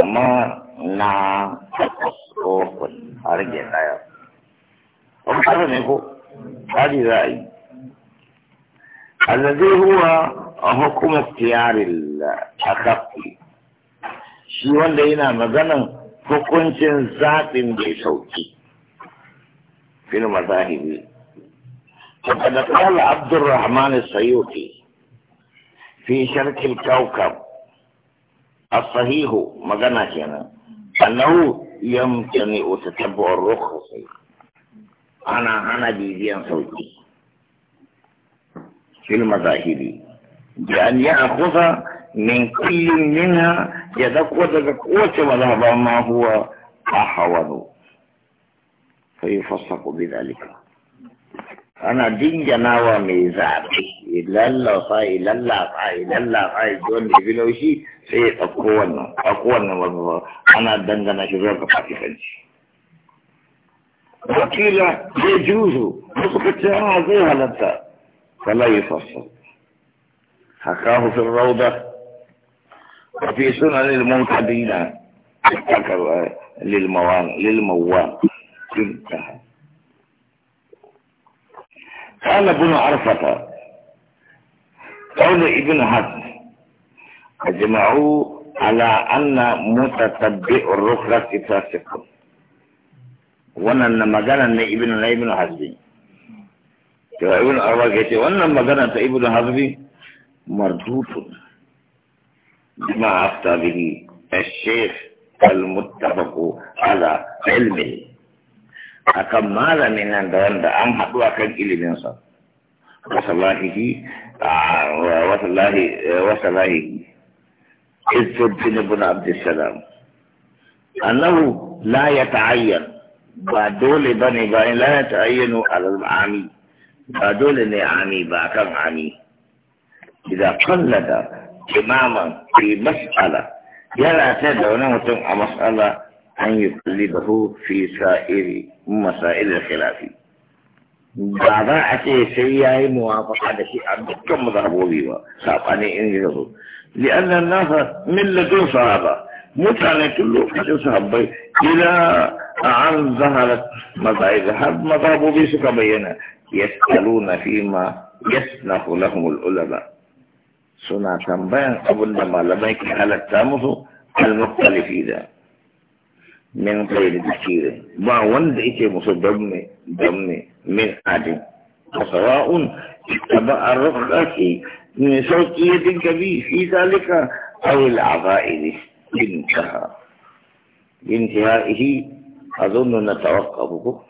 amma na tsofin a rage daya wani kasa ne ko tsari za a yi allazi huwa a hukumar tiyarin akafi shi wanda yana maganan hukuncin zaɓin da ya sauki fil mazahibi فقد قال عبد الرحمن السيوطي في شرك الكوكب الصحيح مغنى كنا أنه يمتنع تتبع الرخص أنا أنا بيبيان صوتي في المذاهب بأن يأخذ من كل منها يتقوى قوة وذهب ما هو أحوض فيفسق بذلك ana dingana wa mai zaɓe ilallafa ilallafa ilallafa don da bilaushi sai ya ɗauko wannan ɗauko wannan wani ana dangana shi zuwa ga fasikanci wakila zai juzo wasu ka ce ana ah, zai halatta fala yi fasa haka hufin rauda a fi suna lilmon kadina a kakar lilmawan lilmawan tun ta haka قال ابن عرفة قول ابن حد اجمعوا على ان متتبع الرخرة فاسق وانا لما قال ان ابن ابن حد ابن عرفة قال وانا لما قال ان ابن حد مردوط بما افتى به الشيخ المتفق على علمه akan malamin nan da wanda an haɗu akan iliminsa wasalahihi wasalahihi e, izzuddin bin abdussalam annahu la ya ta'ayyan ba dole ba ne ba la ya ta'ayyanu al'ami ba dole ne ami ba kan ami idan kallada imaman fi mas'ala yana ta da wani mutum a mas'ala أن يقلبه في سائر مسائل الخلاف بعضا أشياء سيئة موافقة لشيء كم ضربوا بيها ساقني إن يرضوا لأن الناس من لدن صحابة متعني كله حتى صحابة إلى عن ظهرت مذاهب هذا مذهب بيسك بينا يسألون فيما يسنح لهم العلماء سنة تنبين أبو النمى لما يكي على التامس المختلفين min da zikirin ba wanda yake musu damne damne min adin sawa'un ba a rufe kake ne sauƙi ya dinka bi fi zalika aw al a intaha intihahi azunnu natawaqqafu